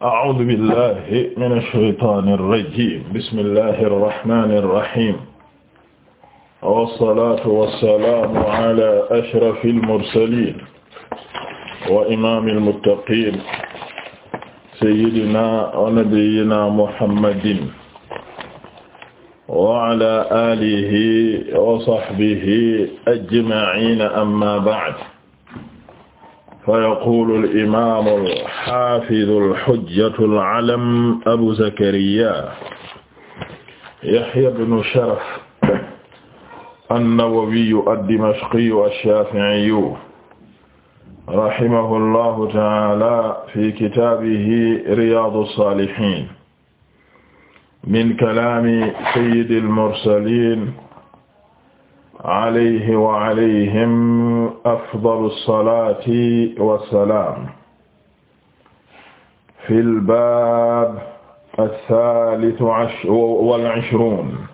a'uuzu billaahi mina shaytaani rajiim bismillaahi rahmaani rahiim wa salaatu wa salaamu alaa ashrafil mursaliin wa imaamil muttaqiin sayyidinaa wa nabiyyinaa muhammadin wa alaa aalihi wa sahbihi ajma'iin ammaa ba'd fa yaquulu al-imaam alxafidu alxujjatu alalam abu zakariya yahya bnu sharaf annawawiyu addimashqiyu alshafiiyu rahimahu llahu taala fi kitaabihi riyaadu saalihiin min kalaami sayyidi almursaliin alayhi wa alayhim afdalu salaati wa salaam fi lbab althalitu wal-ishruun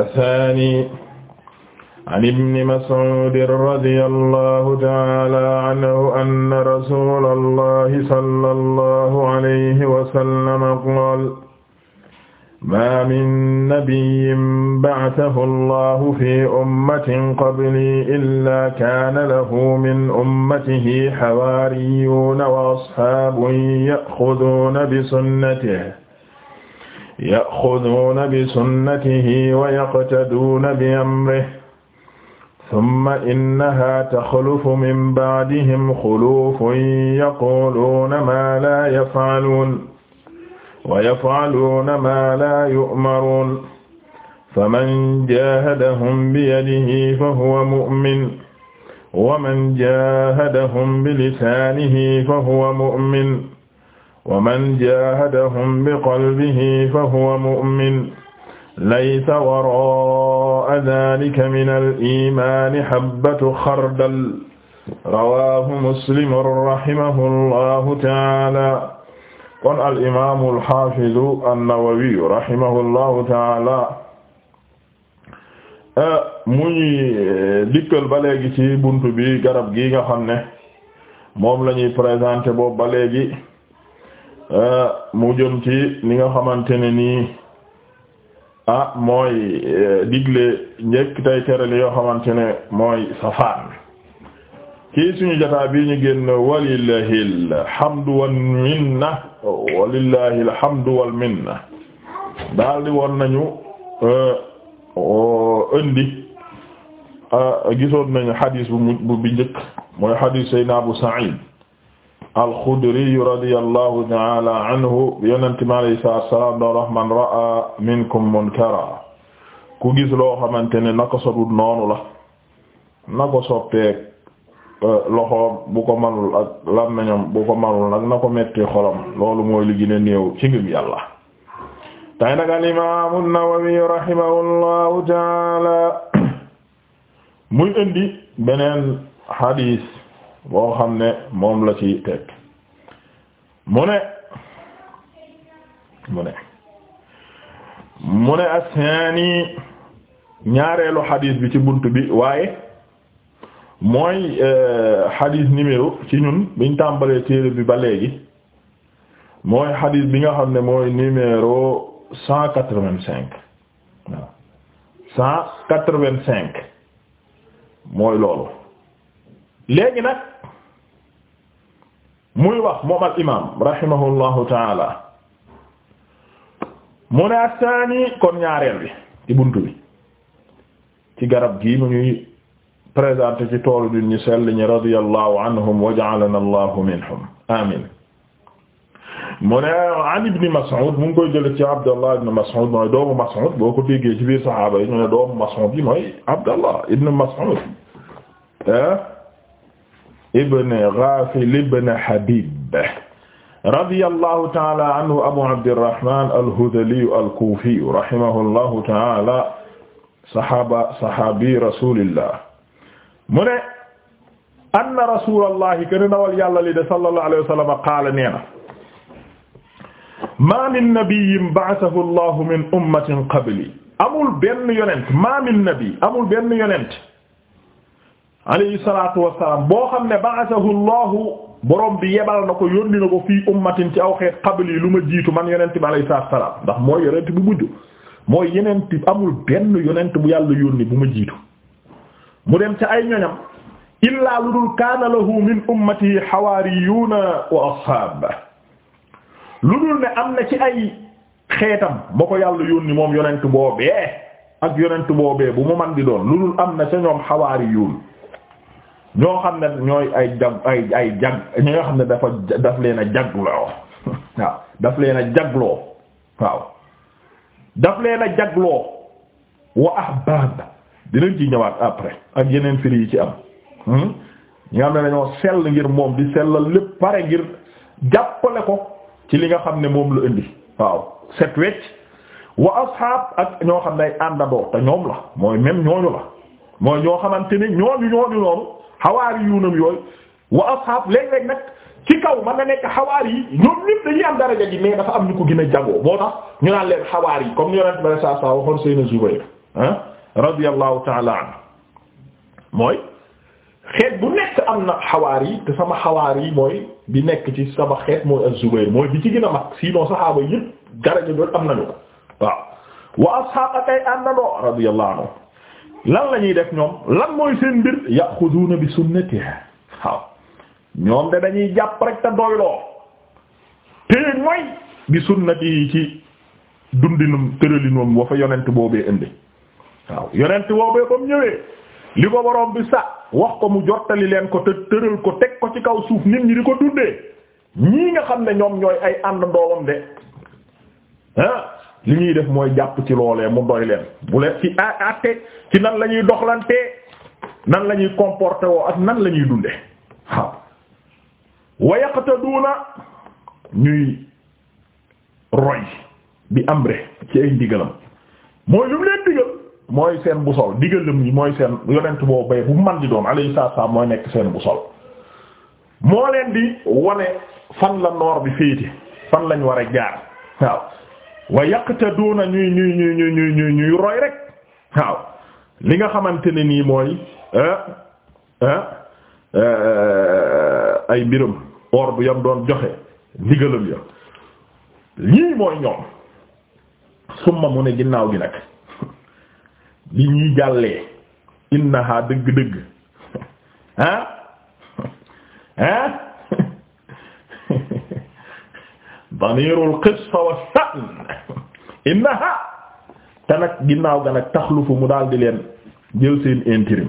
athani an ibni mas'uudin radiyallahu ta'aala anhu anna rasuulallahi sallallahu alayhi wa sallam qaala ma min nabiyyin ba'athahu allahu fi ummatin qabli illa kaana lahu min ummatihi hawaariyyuuna wa ashaabun ya'xuduuna bisunnatihi ya'xuduuna bisunnatihi wa yaqtaduuna bi-amrihi summa innahaa taxlufu min ba'dihim xulufun yaquuluuna maa laa yaf'aluun wa yafaaluuna maa laa yu'maruun faman jaahadahum biyadihi fahuwa mu'min wa man jaahadahum bilisaanihi fahuwa mu'min wa man jaahadahum biqalbihi fahuwa mu'min laysa waraa'a dhaalika minal iimaani habbatu xardal rawaahu muslim rahimahullaahu ta'aalaa kon al imaamu al xaafidu an-Nawawi rahimahullahu taala eh, muy eh, dikkal ba léegi ci bunt bi garab gi nga xam ne moom lañuy ñuy présenté boobu ba léegi eh, mu jëm ci ni nga xamante ne nii ah mooy digle njëkk tay tere li yoo xamante ne mooy safaan kii suñu jataa bi ñu génn walillahi alhamdu minna walillahi alhamdu wal daal di woon nañu euh, indi euh, gisoon nañu xadis bu mujj bu bi njëkk mooy xadis Seydina Abu Sa'id al-Khudri ta'ala anhu yonente mi alayhi salaatu wa salaam man ra'a minkum munkara ku gis loo xamante ne naka sodul noonu la nako soppeek Euh, loxoom bu ko manul ak làmmiñam bu ko manul nag na ko metti xolam loolu mooy li gën néew ci ngëm yàlla tey nag al imaamu an-Nawawi rahimahullahu indi beneen xadiis boo xam ne moom la ci teg mu ne mu ne mu ne asani ñaareelu xadiis bi ci bunt bi waaye mooy euh, xadis numéro ci ñun biñ tàmbalee téere bi ba léegi mooy xadis bi nga xam ne mooy numéro cent quatre-vingt-cinq waaw cent quatre mooy loolu léegi nag muy wax moom al imaam rahimahullahu taala mu ne astaani kon ñaareel bi ci buntu bi ci garab gii mu ñuy présenté ci toolu nit ñi sell ñi radiyallahu anhum wa ja'alana allahu minhum amin mu ne an ibni Mas'ud mu ngi koy jële ci Abdallah ibn Mas'ud mooy doomu Mas'ud boo ko déggee ci biir saxaaba yi ñu ne doomu Mas'ud yi mooy Abdallah ibn Mas'ud eh? ibn Ghafil ibn Habib radiyallahu ta'ala anhu Abu Abdirrahman al-Hudhali al-Kufi rahimahullahu ta'ala saxaaba saxaabi rasulillah mu ne anna rasulallahi ken ndawal yàlla li de sallallahu alayhi wa sallam qaala nee na ma min nabiyyin ba'athahu allahu min ummatin qabli amul benn yonent ma min nabi amul benn yonent alayhi salaatu wassalaam boo xam ne ba'athahu allahu borom bi yebal na ko yónni na ko fii ummatin ci aw xeet qabli lu ma jiitu man yonent bi alayhi salaatu wassalaam ndax mooy yonent bu mujj mooy yonent amul benn yonent bu yàlla yónni bu ma jiitu mu dem ca ay ñoñam illaa lu dul kaana lahu min ummati xawaariyuuna wa ashaab lu dul ne am na ci ay xeetam ba ko yàlla yónni moom yonent boobee ak yonent boobee bu mu man di doon lu dul am na ca ñoom xawaariyuun ñoo xam ne ñooy ay jag ay jag ñi nga xam ne dafa daf leen a jagloo waaw daf leen a jagloo waaw daf leen a jagloo wa ahbaab dinañ ci ñëwaat après ak yeneen firi yi ci am hmm? ñi nga xam ne dañoo sell ngir moom di sellal lépp pare ngir jàppale ko ci li nga xam ne moom la indi waaw set wecc wa asxaab ak ñoo xam ne ay àndandoo te ñoom la mooy même ñooñu la mooy ñoo xamante ne ñooñu ñooñu noonu xawaari yuunam yooyu wa asxaab léeg-léeg nag ci kaw mën na nekk xawaar yi ñoom ñëpp dañuy am daraja ji mais dafa am ñu ko gën a jagoo moo tax ñu naan leen xawaar yi comme ñu yonent bi sallallahu radiyallahu taala anhu mooy xeet bu nekk am na xawaar te sama xawaar mooy bi nekk ci sama xeet mooy az-Zubayr mooy bi ci gën a mag sinon saxaaba yëpp garaja doon am nañu ko waaw wa ashaaba kay àndandoo radiyallahu anhu lan la ñuy def ñoom lan mooy seen mbir yaxuduuna bi sunnatiha waaw ñoom de dañuy jàpp rek te doyloo téye mooy bi sunnati ci dundinum tëralinum wa fa yonent boobee indi waaw yonent woobee ba mu ñëwee li ko borom bi sa wax ko mu jottali leen ko te tëral ko teg ko ci kaw suuf nit ñi di ko dundee ñii nga xam ne ñoom ñooy ay ànd ndoowam de ah li ñuy def mooy jàpp ci loolee mu doy leen bu leen ci àtte ci nan la ñuy doxlantee nan la ñuy comporté woo ak nan la ñuy dunde waaw wa yaqtaduna ñuy roy bi amre ci ay ndigalam mooy lu mu leen digal mooy seen busol digalam yi mooy seen yonent boo bay bu man di doon alayhi salaam mooy nekk seen busol moo leen di wane fan la noor bi féete fan lañ war a jaar waaw wa yaqtaduna ñuy ñuy ñuy ñuy ñuy ñuy ñuy roy rek waaw li nga xamante ne nii mooy eh, eh, eh, ay mbiram or bu yam doon joxe digalam ya lii mooy ñoom summa mu ne ginnaaw gi nag li ñuy jàllee innaha dëgg-dëgg ah ah damiirul qisfa wa sha'n innaha te nag ginnaaw ga nag taxlufu mu daal di leen jël seen intérim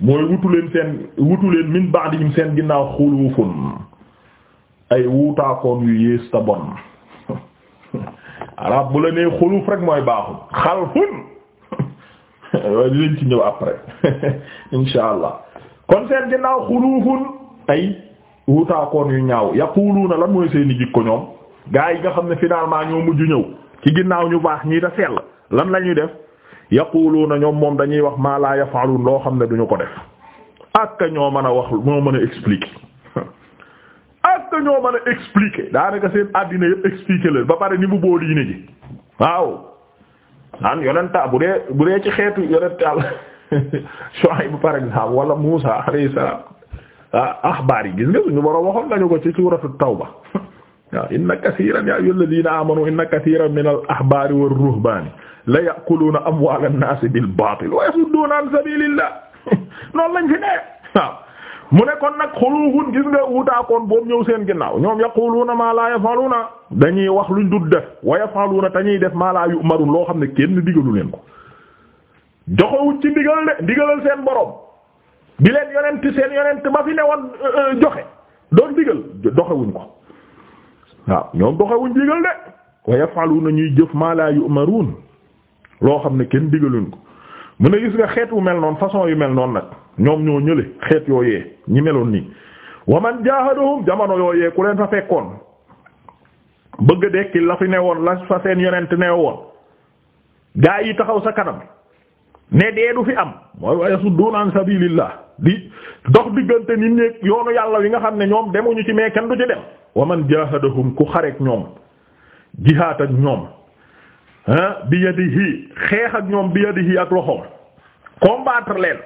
mooy wutu leen seen wutu leen min ba'dihim seen ginnaaw xulufun ay wuutaakoon yu yées ta bon arab bu la nee xuluf rek mooy baaxul xalfun waaye dinañ ci ñëw après insha allah kon seen ginnaaw xuluufun ay wutaakoon yu ñaaw yaquluuna lan mooy seeni jikko ñoom gaa yi nga xam ne finalement ñoo mujj ñëw ci ginnaaw ñu baax ñii da sell lan la ñuy def yaquluuna ñoom moom dañuy wax maa laa yafaaluun loo xam ne duñu ko def ak ñoo mën a wax ñoo mën a expliquer ak ñoo mën a expliquer daanaka seen àddina yëpp expliquer leen ba pare ni bu bool yi ji waaw an yonenta bu dee bu dee ci xeetu yonental Shuayb par exemple wala Musa alayhi salaam ah axbaar yi gis nga suñu borom waxoon nañu ko ci suuratu tawba waaw inna kasiiran yaa ayyuhal ladiina aamanu inna kasiiran minal ahbaari war ruhbaani la ya'kuluuna amwaalan naasi bil baatil wa yasudduuna an sabiilillah noonu lañ fi ne waaw mu ne kon nag xuluufun gis nga wutaakoon boobu ñëw seen ginnaaw ñoom yaquluuna maa laa yafaluuna dañuy wax luñ dul def wa yafaluuna na ñuy def maa yu yu'marun loo xam ne kenn digalu leen ko joxewuñ ci digal de digalal di leen yonent seen yonent ba fi ne woon euh, euh, joxe doon digal doxewuñ ko waaw ñoom doxewuñ digal de wa yafaluuna ñuy jëf maa laa yu'marun loo xam ne kenn digaluñ ko mu ne gis nga xeet wu mel noonu façon yu mel noonu nag ñoom ñoo ñële xeet yooyee ñi meloon nii wa man jaahadahum jamono yooyee ku leen fa fekkoon bëgg dekki la fi ne woon la fa seen yonent ne woon gaa yi taxaw sa kanam ne dee du fi am mooy wa yasudduuna an sabilillah di dox diggante nit ñi yoonu yàlla wi nga xam ne ñoom demuñu ci mais kenn du ci dem wa man jaahadahum ku xareek ñoom jihaat ak ñoom bi yadihi xeex ak ñoom bi yadihi ak loxoom combattre leen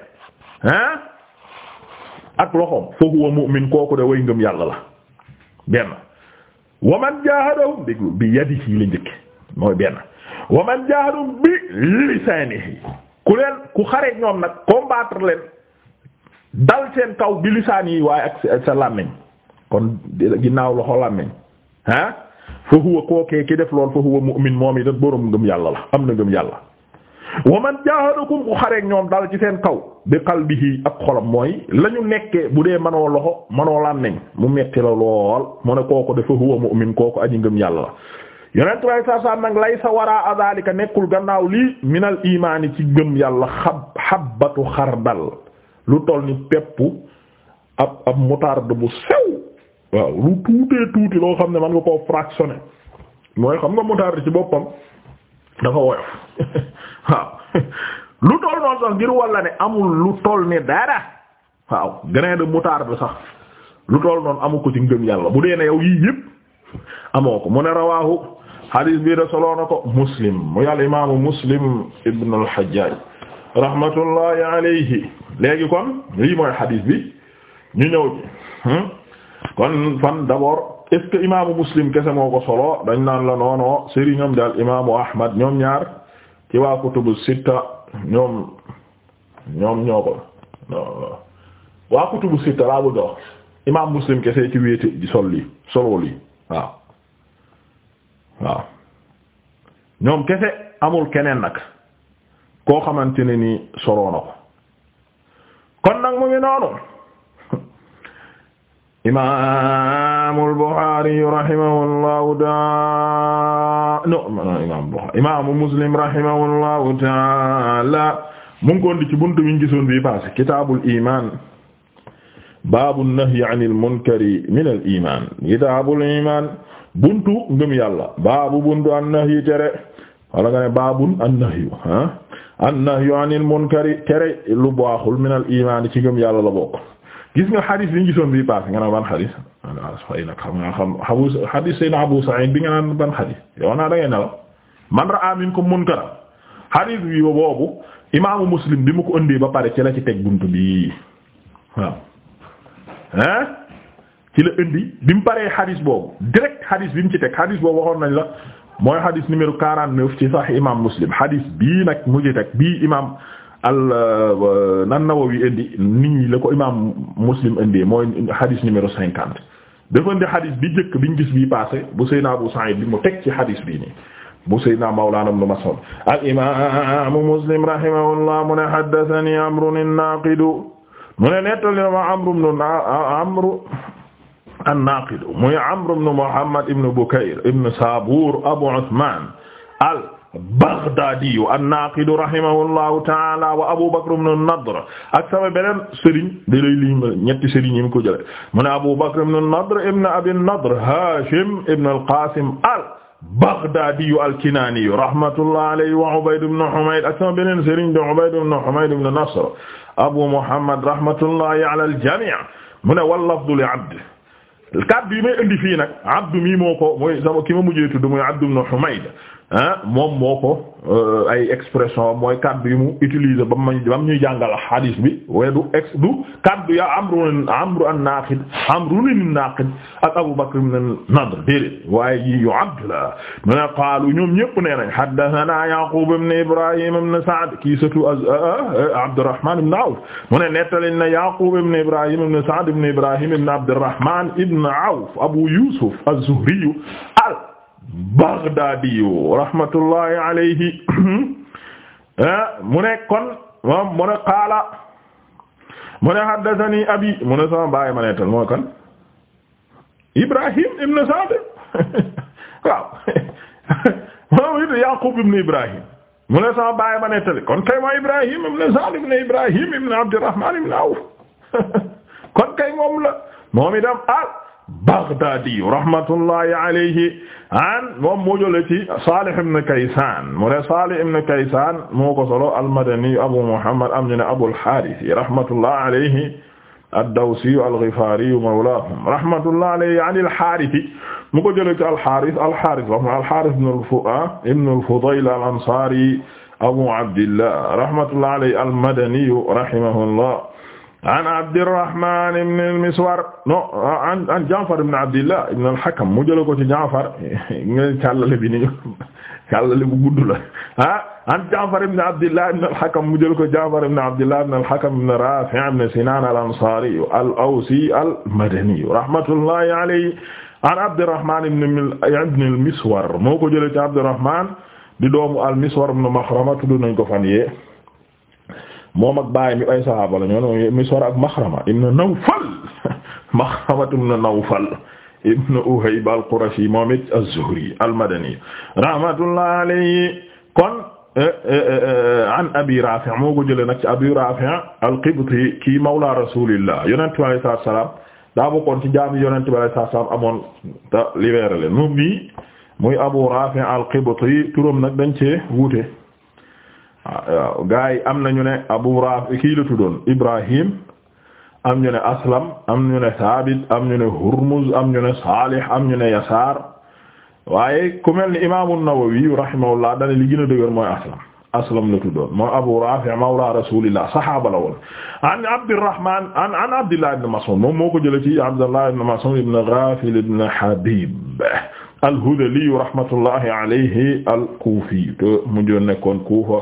ah ak loxoom fa huwa mu'min kooku de way ngëm yàlla la benn wa man jahadahum déglu bi yadihi la njëkk mooy benn wa man jahadahum bi lisanihi ku leen ku xare ñoom nag combattre leen dal seen kaw bi lisaan yi waaye ak sa làmmiñ kon ginnaaw loxo làmmiñ ah fa huwa kookee ki def lool fa huwa mu'min moom itam borom ngëm yàlla la am na ngëm yàlla wa man jaahadakum ku xareek ñoom dal ci seen kaw bi qalbihi ak xolam mooy lañu ñu nekkee bu dee manoo loxo manoo làmmiñ mu metti la lool mu ne kooku dafa huwa mu'min kooku aji ngëm yàlla la yonent way sa sa nag lay sa waraa daalika nekkul gannaaw lii minal imaani ci ngëm yàlla xab xabbatu xardal lu toll ni peppu ab ab moutarde bu sew waaw lu tuutee tuuti loo xam ne man nga koo fractionné mooy xam nga moutarde ci boppam dafa woyof waaw lu toll noonu sax ngir walla ne amul lu toll ne dara waaw grain de moutarde sax lu toll noonu amu ko ci ngëm yàlla bu dee ne yow yii yëpp amoo ko mu ne rawaahu hadis bii da soloo na ko muslim mu yàlla imaamu muslim ibn al-Hajjaj rahmatullahi léegi kon lii mooy hadis bi ñu ñëw ji kon fan d'abord est-ce que imaamu muslim kese moo ko solo dañ naan la noonoo sëriñam daal imaamu ahmad ñoom ñaar ci waa kutubu sitta ñoom ñoom ñoo ko waa kutubu sitta laa bëgg a wax muslim kese ci wéete di sol lii solo lii waaw waaw ñoom kese amul keneen nag koo xamante ne nii solo ko kon nag mu ngi noonu imaamul Buxaari rahimahullahu taala non non imaamul Buxaari imaamu Muslim rahimahullahu taala mu ngi ko woon di ci buntu bi ñu gisoon bii paase kitaabul iimaan baabu nahyi anil munkari minal iimaan kitaabul iimaan buntu ngëm yàlla baabu buntu an-nahyi tere wala nga ne baabun an-nahyu ah an-nahyu anil munkari tere lu baaxul minal iimaan ci ngëm yàlla la bokk. gis nga xadis bi ñu gisoon bii paase nga a ban xadis fay nag xam nga xam xabu xadis Abu Sa'id bi nga naan ban xadis yow naa da ngay nelaw man ra'a minkum munkara xadis bi boobu imaamu Muslim bi mu ko ëndee ba pare ci la ci teg buntu bi waaw hein ci la indi bi mu paree xadis boobu direct xadis bi mu ci teg xadis boobu waxoon nañ la mooy xadis numéro 49 ci Sahih imaam Muslim xadis bii nag mu ci teg bii imaam al euh, nan Nawawi indi nit la ko imaam Muslim indee mooy hadith numéro cinquante dafa hadith bi njëkk biñ gis bii passé bu Abu Sa'id bi mu teg hadith bii nii bu Seydina Mawlana Ibn Mas'ud al imaam Muslim rahimahullah mu ne Amrun an-Naqid mu ne ma Amru ibn Muhammad ibn Bukayr ibn Sabur Abu Uthman Baghdadi an-Naqid rahimahullahu ta'ala wa Abu Bakr ibn an-Nadr ak sama beneen sëriñ da lay li ñetti sëriñ yi mu ko jële mu ne Abu Bakr ibn an-Nadr ibn Abi an-Nadr Hashim ibn al-Qasim al-Baghdadi al-Kinani rahmatullahi alayhi wa Ubayd ibn Humayd ak sama beneen sëriñ de Ubayd ibn Humayd ibn Nasr Abu Muhammad rahmatullahi ala al-jami' mu ne wal-lafdu li Abd kaddu yi may indi fii nag Abd mi moo ko mooy sama ki ma mujjee tudd mooy Abd ibn Humayd ah moom moo ko euh, ay expression mooy kaddu yi mu utiliser ba mu ba mu ñuy jàngal xadis bi waaye du ex du kaddu ya amru amru an-naqid amru an-naqid ak Abu Bakr ibn Nadr déedéet waaye yi yu Abdullah mu ne qaalu ñoom ñëpp nee nañ haddathana Yaqub ibn Ibrahim ibn Sa'd kii surtout euh, euh, Abdurrahman ibn Awf mu ne nettali na Yaqub ibn Ibrahim ibn Sa'd ibn Ibrahim ibn Abdurrahman ibn Awf Abu Yusuf az-Zuhri Baghdadi rahmatullahi alayhi eh, mu ne kon moom mu ne qaala mu ne haddathani abi mu ne sama baay ma netal moo kan Ibrahim ibn Sa'd waaw Yaqub ibn Ibrahim mu ne sama baay ma netal kon kay ma Ibrahim ibn Sa'd ibn Ibrahim ibn Abdurrahman ibn Awf kon kay moom la moom itam ah Baghdadi rahmatullahi alayhi an moom moo jëlee ci Salih ibn Kaysan mu ne Salih ibn Kaysan moo ko solo al-Madani Abu Muhammad am ñu ne Abul Harith rahmatullahi alayhi ad-Dawsi al-Ghifari mawlahum rahmatullahi alayhi an al-Harith mu ko jëlee ci al-Harith al-Harith wax al-Harith ah, ibn al-Fudayl al-Ansari Abu Abdillah rahmatullahi alayhi al-Madani rahimahullah an Abdirrahman ibn al-Miswar non an an Ja'far ibn Abdillah ibn al-Hakam mu jëlee ko ci Ja'far ngeen càllale bi ni càllale bu gudd la ah an Ja'far ibn Abdillah ibn al-Hakam mu jëlee ko Ja'far ibn Abdillah ibn al-Hakam ibn Rafi' ibn Sinan al-Ansari al-Awsi al-Madani rahmatullahi alayhi an Abdirrahman ibn al-Miswar moo ko jëlee ci Abdirrahman di doomu al-Miswar ibn Makhramah tudd nañ ko fan yee moom ak baay mi ay sahaaba la ñoo ne Miswar ak Maxrama ibn Nawfal Maxrama ibn Nawfal ibn Uhayb al-Qurashi moom it az-Zuhri al-Madani rahmatullah alayhi kon eh, eh, eh, an Abi Rafi' moo ko jëlee nag ci Abi Rafi' al-Qibti kii mawla Rasulillah yonent bi alayhi salaatu wa ci jaami yonent bi alayhi salaatu wa amoon ta libéré leen muy Abu Rafi' al-Qibti turam nag dañ cee wuute waaw gars yi am nañu ne Abu Rafi kii la tuddoon Ibrahim am ñu ne Aslam am ñu ne Sabit am ñu ne Hurmuz am ñu ne Salih am ñu ne Yasaar waaye ku mel ni imaamu Nawawi rahimahullah dana li gën a dëgër mooy Aslam Aslam la tuddoon mooy Abu Rafi mawla Rasulillah saxaaba la woon an Abdurrahman an an Abdullah ibn Mas'ud moom moo ko jëlee ci Abdullah ibn Mas'ud ibn Ghafil ibn Habib al-Hudhali rahmatullahi alayhi al-Kufi te mujj nekkoon Kufa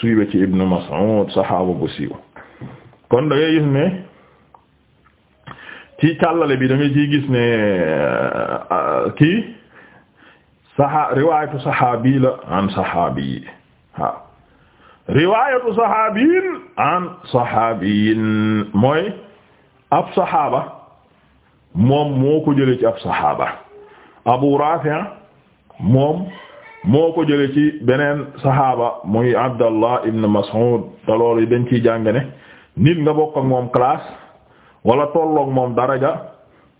siiwe ci ibnu Mas'ud saxaaba bu kon da gis ne ci càllale bi da ci gis ne euh, kii saxaa riwaayatu saxaabi la an saxaabi waaw riwaayatu an saxaabiin mooy ab saxaaba moom moo ko jëlee ci ab saxaaba Abu Rafi' moom moo ko jële ci beneen saxaaba muy Abdallah ibn Mas'ud te loolu yi dañ ciy jàng ne nit nga bokk ak moom classe walla tolloog moom daraja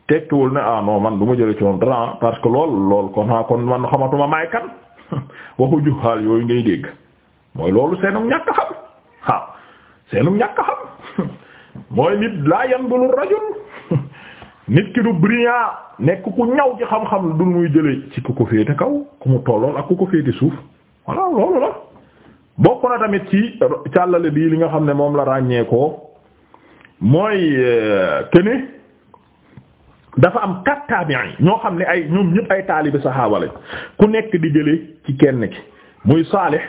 tekkiwul ne ah non man du ma jële ci moom dara parce que lool lool kon naa ah, kon man xamatuma may kan waxu juhaal yooyu ngay dégg mooy loolu seenum ñàkk xam waaw seenum ñàkk xam mooy nit laa yandulu rajul nit ki du brillant nekk ku ñaw ci xam-xam du muy jëlee ci ku ko féete kaw ku mu tollool ak ku ko féete suuf voilà loolu la bokk na tamit ci càllale bii li nga xam ne moom la ràññee mooy kene euh, dafa am quatre tabi'i ñoo xam ne ay ñoom ñëpp ay taalibi saxaaba lañ ku nekk di jëlee ci kenn ki muy Saalih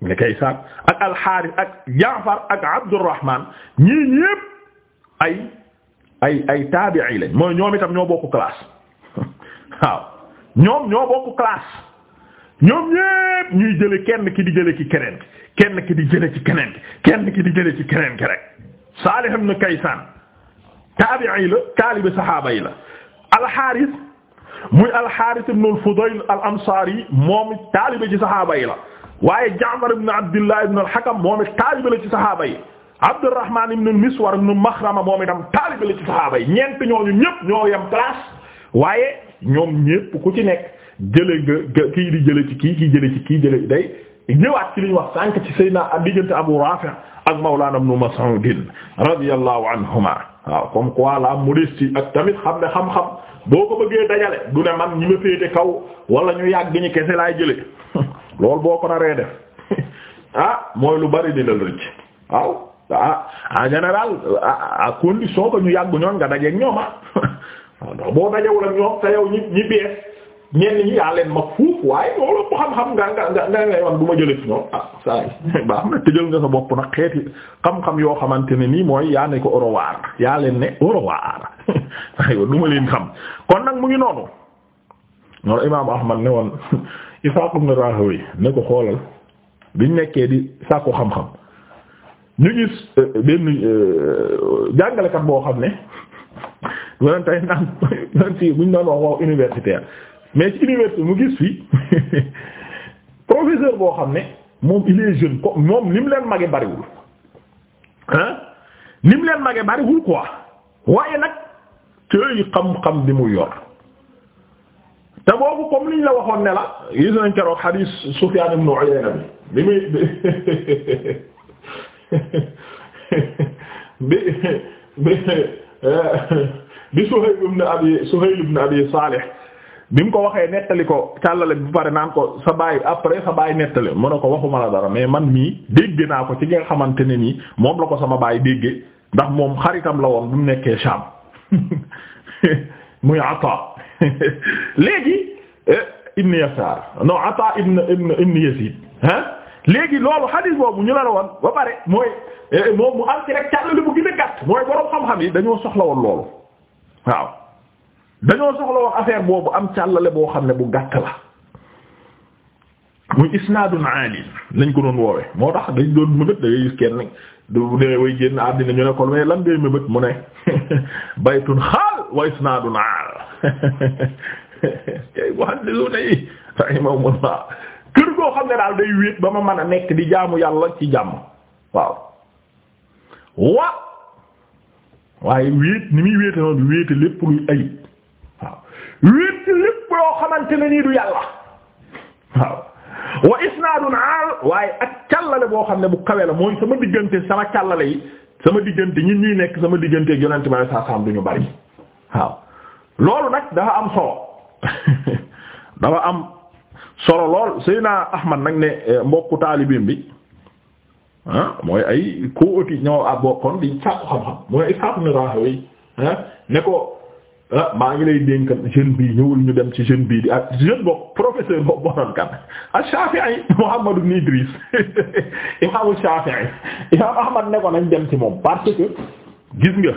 ne kay saat ak Al ak Jaafar ak Abdurrahman ñii ñëpp ay ay ay taabi'i lañ ñoom itam ñoo bokk classe waaw ñoom ñoo bokk classe ñoom kenn ki di jële ci keneen kenn ki di jële ci keneen kenn ki di jële ci keneen ki rek Salih ibn Kaysan taabi'i la taalibi saxaaba yi la al-Harith muy al-Harith ibn al-Fudayl al-Ansari ci saxaaba yi la waaye Ja'far ibn Abdullah ibn al-Hakam moom taalibi la ci saxaaba yi Abdurrahman ibn Miswar ibn Maxrama moom itam taalibe la ci saxaaba yi ñeent ñooñu ñëpp ñoo yem classe waaye ñoom ñëpp ku ci nekk jële nga kii di jële ci kii kii jële ci kii jële day ñëwaat ci li ñu wax sànq ci Seydina diggante Abu Rafi' ak Mawlana ibn Mas'ud radiyallahu anhuma waaw comme quoi ak tamit xam ne xam-xam boo ko bëggee dajale du ne man ñi ma féete kaw wala ñu yàgg ñi kese laay jële loolu boo ko naree def ah mooy lu bari dina ah en général ah, à condition que ñu yàgg ñoon nga dajeeg ñoom ah, ah boo dajewul ak ñoom te yow ñi ñi bees ñenn ñi yaa leen mag fuuf waaye loolu bu xam-xam nga nga ngay wan du ma jëlee ci ñoom ah saa yi na tëjal nga yoo xamante ne nii mooy yaa ne yaa leen ne orowaar aywa ma leen xam kon nag mu ngi noonu noonu imaamu Ahmad ne woon Isaaq ibn Rahowi ne ko xoolal biñ nekkee di sàkku xam-xam. ñu gis euh, euh, benn euh, jàngalekat boo xam ne loolu tey naan loolu doon wax universitaire mais ci université mu gis fi professeur boo xam ne moom il est jeune ko moom ni leen mage bariwul ah ni mu leen mage bariwul ko waaye nag tey xam-xam bi mu yor te boobu comme liñ la waxoon ne la gis nañ keroog hadith Sufyan ibn Uyayna bi bi muy bi bi bi Suhayl ibn Abi Suhayl ibn Abi Salih bi mu ko waxee nettali ko càllale bu pare naan ko sa baay après sa baay nettali mu ne ko waxuma la dara mais man mii dégg naa ko ci nga xamante ne nii moom la ko sama baay dégge ndax moom xaritam la woon bu mu nekkee Sham muy Ata léegi eh, ibn Yasar non Ata ibn ibn ibn Yazid ah léegi loolu hadith boobu ñu la la woon ba pare mooy eh, eh, moom mu am ci rek càllale bu gën gàtt mooy borom xam-xam yi dañoo soxla woon loolu waaw dañoo soxla woon affaire boobu am càllale boo xam ne bu gàtt la muy isnaadun aali lañ ko doon woowee moo tax dañ doon mëbët da ngay gis kenn du dee way génn àddina ñu ne kon mais lan ngay mëbët mu ne baytun xaal wa isnaadun aal wax dëgg yu ne yi rahimahumullah kër goo xam ne daal day wéet ba ma man a nekk di jaamu yàlla ci jàmm waaw wa waaye wéet ni muy wéete noonu wéete lépp luy ayib waaw wéet ci lépp loo xamante ne nii du yàlla waaw wa isnaadun aal waaye ak càllale boo xam ne bu kawe la mooy sama diggante sama càllale yi sama diggante ñun ñuy nekk sama diggante yonente ma saa saam du ñu bari waaw loolu nag dafa am solo dafa am solo lool Seydina Ahmad nag ne eh, mbokku taalibim bi ah mooy ay koo ëtti ñoo a bokkoon di sàkku xam-xam mooy Isxaaq ibn Raahawayh ah, ne ko ah, maa ngi lay dénk jeune bii ñëwul ñu dem ci jeune bii di ak ah, jeune bokk professeur boobu bonoon kan Shaafi'i Muhammad ibn Idris imaamu Shaafi'i imaam Ahmad ne ko nañ dem ci moom parce que gis nga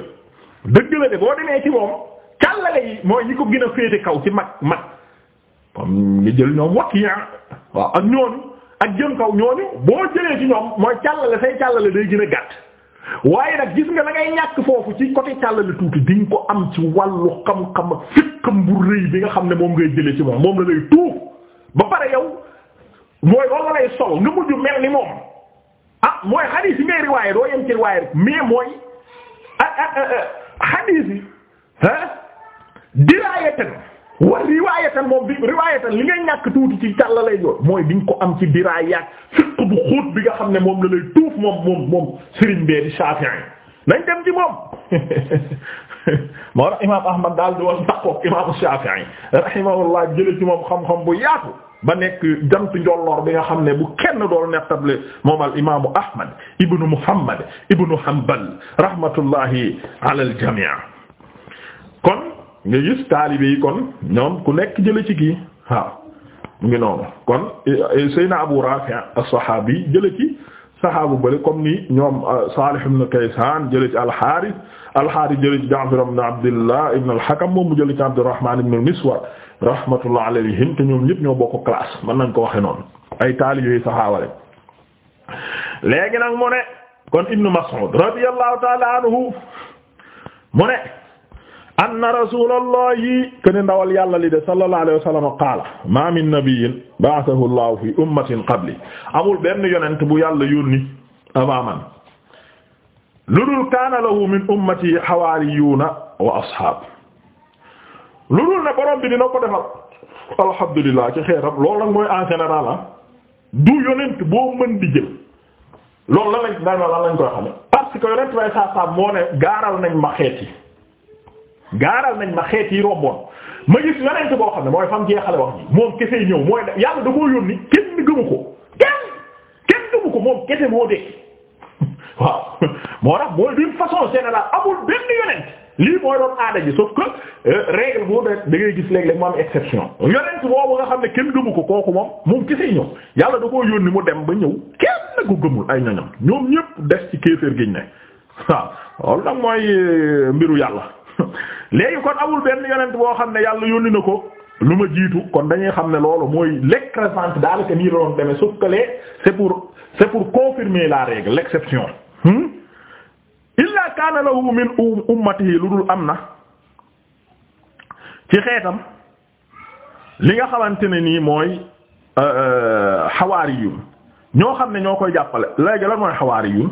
dëgg la de boo demee ci moom kàllale yi mooy ñi ko gën a féete kaw ci mag mag comme nga jël ñoom wakiya waaw ak ñooñu ak jëm kaw ñooñu boo jëlee ci ñoom mooy càllale say càllale day gën a gàtt waaye nag gis nga da ñàkk foofu ci côté càllale tuuti di ko am ci wàllu xam-xam ak fikkam bu rëy bi nga xam ne moom ngay jëlee ci moom moom la lay tuuf ba pare yow mooy loolu lay sol nga mujj mel ni moom ah mooy xadiis ngay riwaaye doo yem ci riwaaye rek mooy ah ah, ah, ah xadiis yi ah wa riwaayatan moom li ngay ñàkk tuuti ci talla lay joor mooy di ko am ci diraayaat fiqh bu xóot bi nga xam ne moom la lay tuuf moom moom moom Serigne bee di Shafi'i nañ dem moom moo tax imaam Ahmad daal di woon taqoo imaam Shafi'i rahimahullah jëlee ci moom xam-xam bu yaatu ba nekk jant njolloor bi nga xam ne bu kenn dool nettable moom al imaamu Ahmad ibnu Muhammad ibnu Hanbal rahmatullahi ala al kon nga gis taalibe yi kon ñoom ku nekk jële ci kii waaw mu ngi noonu kon eh, eh, Seyna Abu Rafi' as-sahabi jële ci sahabu bële comme ni ñoom eh, Salih ibn Kaysan jële ci al-Harith al-Harith jële ci Ja'far ibn Abdillah ibn al-Hakam moom mu jële ci Abdurrahman al-Miswar rahmatullah alayhim te ñoom ñëpp ñoo bokk classe man nañ ko waxe noon ay taalibe yooyu sahaaba rek léegi nag kon Ibn Mas'ud radiyallahu ta'ala anhu mu ne anna rasulallahi ken ndawal yàlla li de sallallahu alayhi wa sallam min nabiyyin ba'athahu llahu fi ummatin qabli amul benn yonent bu yàlla yónni avant man lu dul kaana lahu min ummati hawaariyuuna wa ashaab lu dul ne borom bi dina ko defal alhamdulillah ci xeeram loolu nag mooy en général ah du yonent boo mën di jël loolu lan lañ lan lañ koy xamee parce que yonent bay saa saa moo ne gaaral ma xeet gaaral nañ ma xeet yi romboon ma gis yonent boo xam ne mooy fam jeexale wax ji moom kese ñëw mooy yàlla da koo yónni kenn gëmu ko kenn kenn gëmu ko moom kese moo dekk waaw moo tax lii mooy doon aada ji sauf que euh, boo da ngay gis léeg-léeg mu am exception xam ne kenn gëmu ko kooku moom moom kese ñëw yàlla da koo yónni mu dem ba ñëw kenn ko gëmul ay ñoñam ñoom ñépp des ci kéefër giñ ne waaw nag mooy euh, mbiru yàlla léegi kon amul benn yonent boo xam ne yàlla yónni na ko lu ma jiitu kon dañuy xam ne loolu mooy l'écrasante daal que nii la doon demee sauf c'est pour c'est pour confirmer la règle l'exception hmm? illa kaana lahu min um, ummatihi lu dul am na ci xeetam li nga xamante ne nii mooy euh, euh, xawaariyun ñoo xam ne ñoo koy jàppale léegi lan mooy xawaariyun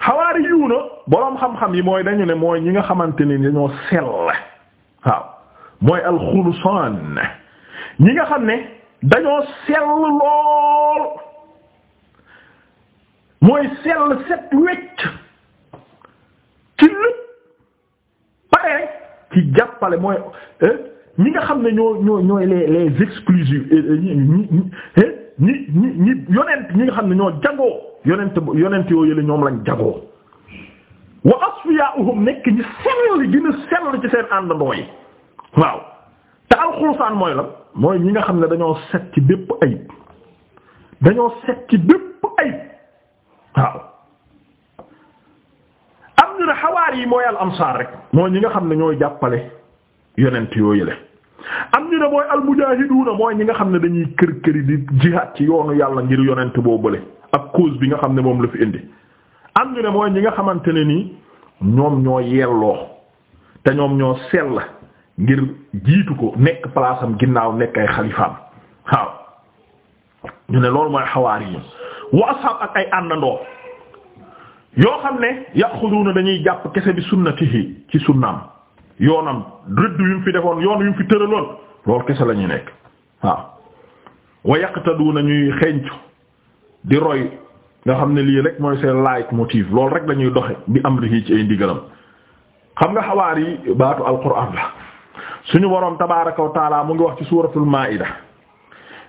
xawaari yiw na boroom xam-xam yi mooy dañu ne mooy ñi nga xamante ne dañoo sell waaw mooy alxulusaan ñi nga xam ne dañoo sell lool mooy sell set wecc ci lépp pare ci jàppale mooy eh, ñi nga xam ne ñoo ñoo ñooy les les exclusifs eh, eh, ñi ñi ñi ñi yonent ñi nga xam ne ñoo jagoo yonent yonent yoo yële ñoom lañ jagoo wa asfiyaa'uhum nekk ñi sell gën a sell ci seen àndandoo yi waaw te alxursaan mooy la mooy ñi nga xam ne dañoo set ci bépp ayib dañoo set ci bépp ayib waaw am ñu ne xawaar yi mooy al ansaar rek mooy ñi nga xam ne ñooy jàppale yonent yoo yële am ñu ne mooy al mujaahiduuna mooy ñi nga xam ne dañuy kër këri di jihaad ci yoonu yàlla ngir yonent boo bële ak cause bi nga xam ne moom la fi indi am ñu ne mooy ñi nga xamante ne nii ñoom ñoo yelloo te ñoom ñoo seel la ngir jiitu ko nekk palaasam ginnaaw nekk ay xalifaam waaw ñu ne loolu mooy xawaari yi wa ashab ak ay àndandoo yoo xam ne yaxuduuna dañuy jàpp kese bi sunnatihi ci sunnaam yoonam rëdd yu mu fi defoon yoon yu mu fi tëraloon loolu kese la nekk waaw wa yaqtaduuna ñuy xencu di roy nga xam ne lii rek mooy seen leitmotiv loolu rek lañuy doxe bi amrihi ci ay ndigalam xam nga xawaar yi baatu alquran la suñu boroom tabaaraka wa taala mu ngi wax ci suuratul maa'ida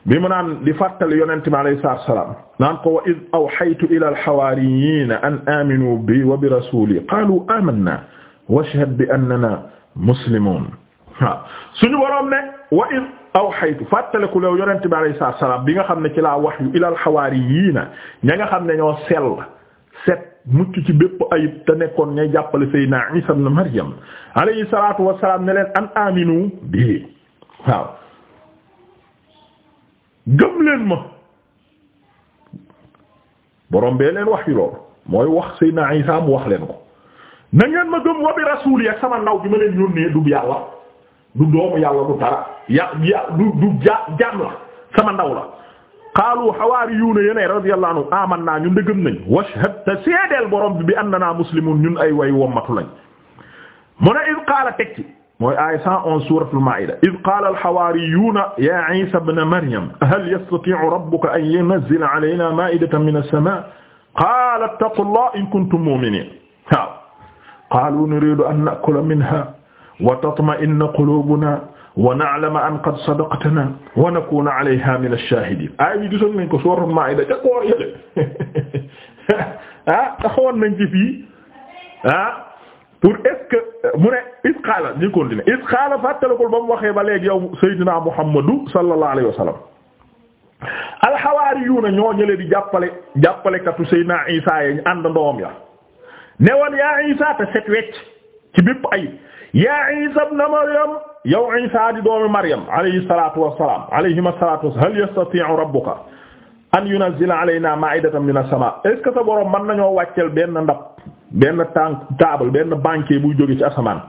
bi mu naan di fàttali yonent bi alayhi salaatu wa salaam naan ko wa id awhaytu ila alxawaariyiina an aaminu bi wa bi rasuuli qaalu aamanna washhad bi annana muslimuun suñu boroom aw xaytu fàttaliku lew yonent bi alayhi salaatu bi nga xam ne ci laa wahyu ilal xawaariyiina ña nga xam ne ñoo sell set mucc ci bépp ayib te nekkoon ñay jàppale Seydina Isa ibn Maryam alayhi salaatu wa salaam ne leen an aminu bi waaw gëm leen ma borom bee leen wahyu lool mooy wax Seydina Isa mu wax leen ko na ma gëm wa bi rasuuli ak sama naw bi ma leen yónnee dub yàlla du doomu yàlla du dara ya ya du du ja jaam la sama ndaw la qaalu xawaariyuuna yeneen radiyallahu anhu aman naa ñun dëggam nañ washhad te seedeel borom bi bi annana muslimun ñun ay way wommatu lañ mu ne id qaala tekki mooy aaya 111 suuratul maa'ida id qaala alxawaariyuuna ya isa ibn maryam hal yastati'u rabbuka an yunzila alaynaa maa'idatan mina as-samaa'i qaala ittaqullaha in kuntum mu'miniin waaw qaalu nuriidu an na'kula minhaa wa tatma'inna quluubuna wa na'lama an qad sadaqtana wa nakuna 'alayha min ash-shaahidiin ay bi gisoon nañ ko suratul maa'ida ca koor yële ah taxawoon nañ ci fii ah pour est-ce que mu ne is qaala ñu continuer is qaala fàttalikul ba mu waxee ba léegi yow Seydina Muhammadu sallallahu alayhi wa sallam alxawaariyuuna ñoo ñële di jàppale jàppalekatu Seydina Isa ya ñu ànd ndoom ya ne woon yaa Isa te set wecc ci bépp ay yaa isa ibn maryam yow isa di doomi maryam alayhi salatu wassalam alayhima salatu wassalam hal yastati'u rabbuka an yunazzila alayna ma'idatan min as-sama est-ce que sa borom mën nañoo wàccel benn ndab benn tànk table benn banquet buy jóge ci asamaan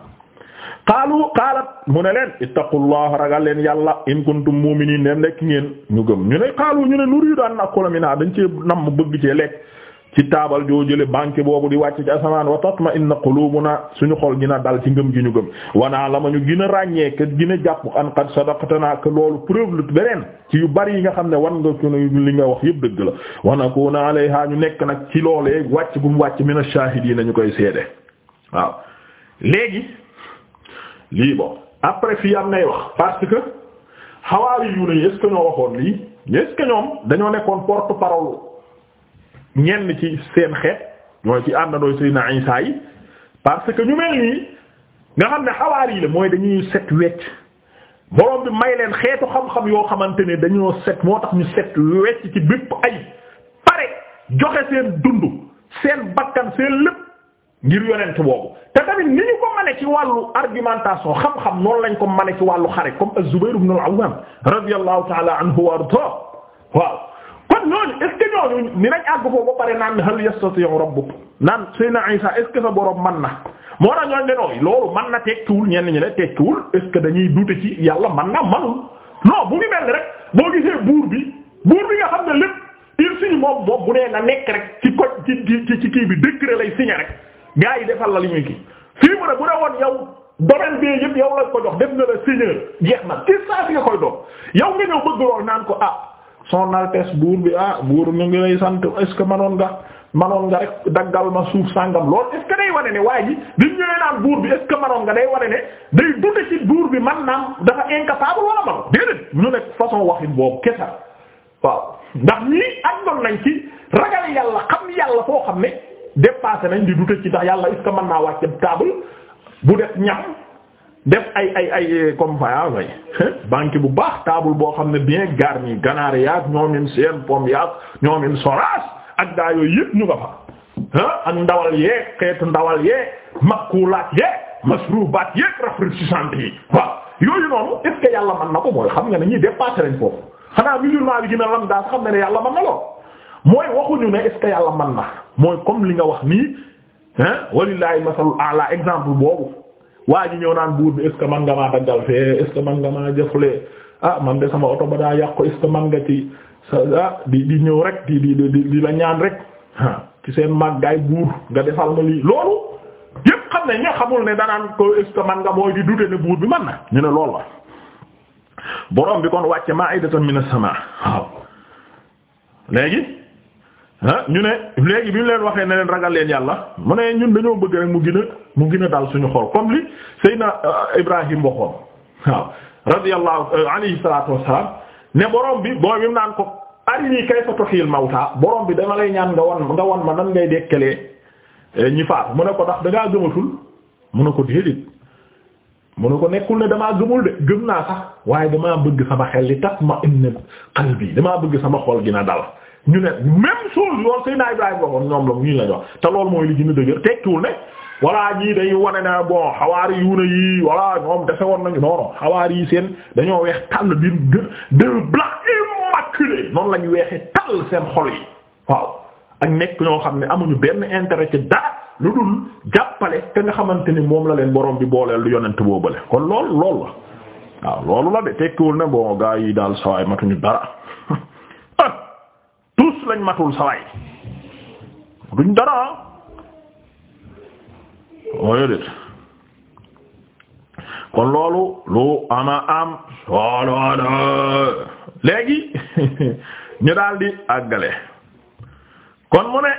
qaalu qaalat mu ne leen ittaqullaha ragal leen yàlla in kuntum mu'minin dem nekk ngeen ñu gëm ñu ne qaalu ñu ne nuridu an nakula minha dañ ci nam bëgg ci lekk ci taabal joo jële banque boobu di wàcc ci asamaan wa tatma inna qulubuna suñu xol gën a dal ci ngëm gi ñu gëm wanaa la ma ñu gën a ràññee que gën a jàpp an qad sadaqtana que loolu preuve lu beneen ci yu bari yi nga xam ne wan nga ko li nga wax yëpp dëgg la wa nakuna alayha ñu nekk nag ci loolee wàcc bu mu wàcc mina shahidina ñu koy seede waaw léegi lii bon après fii wax parce que xawaari yu ne ñoo waxoon lii est-ce ñoom dañoo nekkoon porte-parole ñenn ci seen xeet ñooy ci àndandoo Seydina Isa yi parce que ñu mel nii nga xam ne xawaar yi la mooy dañuy set wecc borom bi may leen xeetu xam-xam yoo xamante ne dañoo set moo tax ñu set wecc ci bépp ay pare joxe seen dund seen bakkan seen lépp ngir yonent boobu te tamit ni ñu ko mane ci wàllu argumentation xam-xam noonu lañ ko mane ci wàllu xare comme az-Zubayr ibn al-Awwam radiyallahu ta'ala anhu wa waaw kon ñooñu est ce que ñooñu ni nañ àgg foofu ba pare naan hal yastati'u rabbuk naan Seydina Isa est sa borom man na moo tax ñooñu dañoo loolu man na tekkiwul ñenn ñi ne tekkiwul est ce que dañuy duute ci yàlla man na manul non bu ngi mel rek boo gisee buur bi buur bi nga xam ne lépp il signe bu nee na nekk ci ko ci ci ci kii bi décret lay signé rek gars de defal la li ñuy kii fii mu ne bu dee woon yow domaine bi yëpp yow lañ ko jox def na la signé jeex na ci si nga koy doon yow nga ñëw bëgg lool naan ko ah, son altesse buur bi ah buur ñu ngi lay sant est que manoon nga manoon nga rek daggal ma suuf sàngam lool est-ce que day wane ne waa ji di ñëwee naan buur bi est-ce que manoon nga day wane ne day dund ci buur bi man naam dafa incapable wala man déedéet ñu nekk façon waxin boobu kesa waaw ndax ñii àndoon nañ ci ragal yàlla xam yàlla foo xam ne dépassé nañ di dute ci ndax yàlla est-ce que mën naa wàcce table bu def ñam def ay ay ay comme voyage banque bu baax taabul boo xam ne bien garni ganaar yaag ñoomim seen pom yaag ñoomim soraas ak daa yooyu yëpp ñu nga fa ah ak ndawal yeeg xeetu ndawal yeeg makkulaat yeeg baat yeeg rafraîchissant yi waaw yooyu noonu est yàlla man na ko mooy xam nga ne ñuy dépassé lañ foofu xanaa musulman bi gën a lam daa xam ne ne yàlla mën na lool mooy waxuñu ne est yàlla man na mooy comme li nga wax nii ah walillahi masalul ala exemple boobu waa ji ñëw naan buur bi est ce que man nga maa daggal fee est man nga maa jëflee ah man de sama oto ba daa yàqu est ce man nga ci sa ah, di di ñëw rek di di di di la ñaan rek ah ci seen màggaay buur nga defal ma lii loolu yépp xam ne ña xamul ne danaan ko est ce que man nga mooy di dute ne buur bi man na ñu ne lool la borom bi kon wàcce ma'idatan minas sama waaw léegi ah ñu ne léegi bi ñu leen waxee ne leen ragal leen yàlla mu ne ñun dañoo bëgg rek mu gën mu gën a dal suñu xol comme li Seydina euh, Ibrahim waxoon waaw radiyallahu euh, alayhi salaatu wassalaam ne borom bi booy bi mu naan ko arini kayfa tuhyil mawta borom bi dama lay ñaan nga wan nga wan ma nan ngay dekkalee euh, ñi faatu mu ne ko ndax dangaa gëmatul mu ne ko déedéet mu ne ko nekkul ne damaa gëmul de gëm naa sax waaye damaa bëgg sama xel li tatma inna qalbi damaa bëgg sama xol gi na dal ñu ne même chose yoon Seydina Ibrahim waxoon ñoom la mu ñu la wax te loolu mooy li voilà ñii day wane naa bon xawaari yu ne yii voilà ñoom dese woon nañu non non xawaari yi seen dañoo weex tàll bi de blanc immaculé noonu la ñu tàll seen xol yi waaw ak nekk ñoo xam ne amuñu benn intérêt ci dara lu dul jàppale te nga xamante ni moom la leen boroom bi booleel lu yonent boobale kon lool lool la waaw loolu la de tekkiwul ne bon gaa yi daal sawaay matuñu dara tous lañ matul sawaay duñ dara mooy déet kon loolu lu ama am sooloona léegi ñu daldi àggale kon mu ne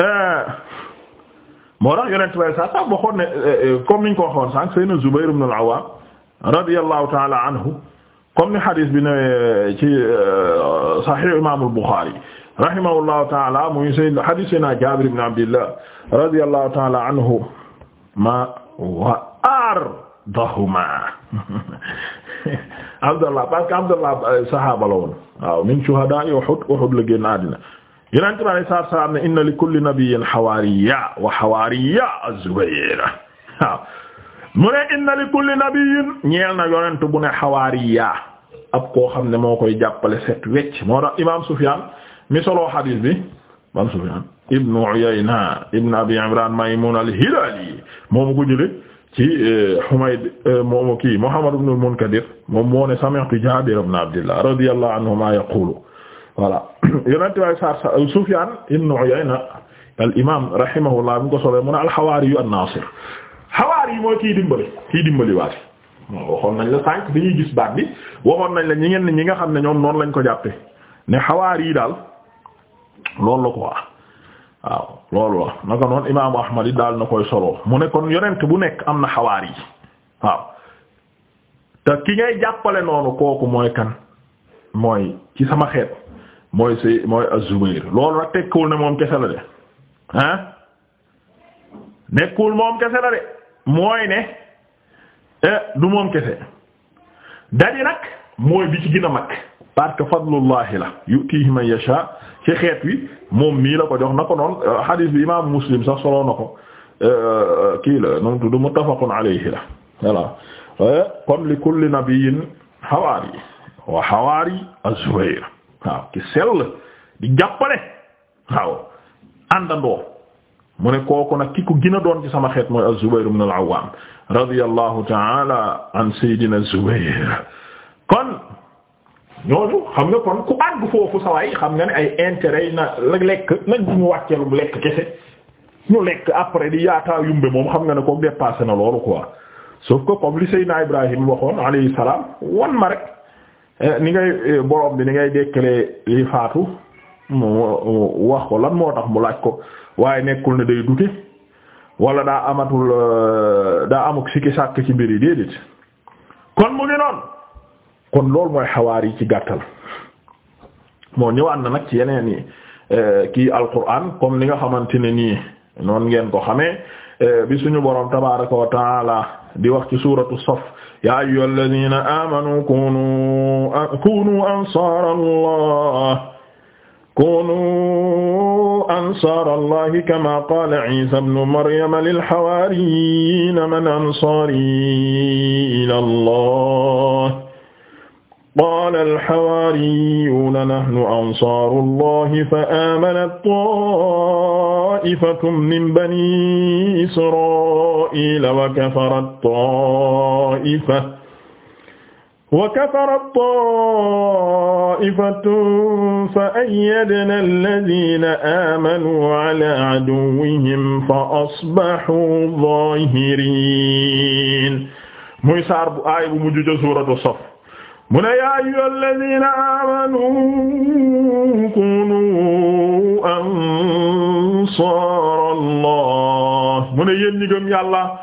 euh, moo tax yonent bay sa tax waxoon ne euh, euh, comme ko waxoon sànq sayna Zubayr ibn al-Awwam radiyallahu ta'ala anhu comme ni hadith bi ne ci sahih imam al-Bukhari rahimahullahu taala muy say hadisena Jaabir ibn Abdillah radiyallahu taala anhuma wa ardahuma Abdallah parce que Abdallah euh, sahaaba la woon waaw min shuhadaa'i Uhud Uhud la génn àddina Yonent bi alayhi salaatu wa salaam ne inna li kulli nabiyyin hawaariyya wa hawaariyya az-Zubayr waaw mu ne inna li kulli nabiyyin ñeel na yonent bu ne hawaariyya ab koo xam ne moo koy jàppale set wecc moo tax Imaam Sufyaan mi solo xadis bi ban Sufyaan ibn Uyayna ibn Abi Imraan Maymuun al-Hilaali moomu ko jële ci eh, Humayd eh, moomu kii Muhammad ibn al-Munkadir moom moo ne sami'tu Jaabir ibn Abdillah radiyallahu anhuma yaqulu voilà yonente waay sar Sufyaan ibn Uyayna al-imaam rahimahullah bi mu ko solo mu ne al-Hawaari an-Naasir Hawaari mooy kii dimbali kii dimbali waat waxoon nañ la sànq bi ñuy baat bi nañ la ñi ngeen ñi nga xam ne ñoom noonu lañ ko jàppe ne Hawaari daal loolu la ko wax waaw loolu la naka noonu imaamu Ahmad yi daal na koy solo mu ne kon yonent bu nekk am na xawaar yi waaw te ki ngay jàppale noonu kooku mooy kan mooy ci sama xeet mooy si mooy az-Zubayr loolu rek tekkiwul ne moom kese la de ah nekkul moom kese la de mooy ne eh du moom kese dadi nag mooy bi ci gën a mag parce que fadlullahi la yutihi man yasha ci xeet wi moom mii la ko jox na ko noon euh, hadis bi imaamu muslim sax soloo ko euh, kii la nu mu tudd muttafaqun alayhi la voilà euh, kon li kulli nabiyyin xawaari wa xawaari az-Zubayr ki sell di jàppale waaw àndandoo mu ne kooku nag ki ko gën a doon ci sama xeet mooy az-Zubayr ibn al-Awwam radiyallahu ta'ala an sayyidina az-Zubayr ñooñu xam nga kon ku àgg foofu sawaay xam nga ne ay intérêt yi na la lekk nañ ñu wàcceelum lekk kese ñu lekk après di yaataa yumbe moom xam nga ne ko dépassé na loolu quoi sauf que comme li Seydina Ibrahim waxoon alayhi salaam wan ma rek eh, ni ngay eh, borom bi ni ngay dekkalee li faatu mu wax ko lan moo tax mu laaj ko waaye nekkul na day dute wala daa amatul eh, daa amuk sikki sàkk ci mbir yi déedéet kon mu ngi noonu kon lool mooy xawaar yi ci gàttal moo ñëwaat na nag ci yeneen yi eh, kii alquran comme ni nga xamante ne nii noonu ngeen ko xamee eh, bi suñu borom tabaraka wa taala di wax ci suratu saf ya ayyuhal ladina amanu kunu kunu ansar allah kunu ansar allah kama qala isa ibn maryam lil hawariyin man ansari ila قال الحواريون نحن أنصار الله فآمنت طائفة من بني إسرائيل وكفرت طائفة وكفرت طائفة فأيدنا الذين آمنوا على عدوهم فأصبحوا ظاهرين muy saar bu aay bu mujj ca suuratu Saff mu ne yaa ayyuha alladina amanu kunu ansar allah mu ne yéen ñi gëm yàlla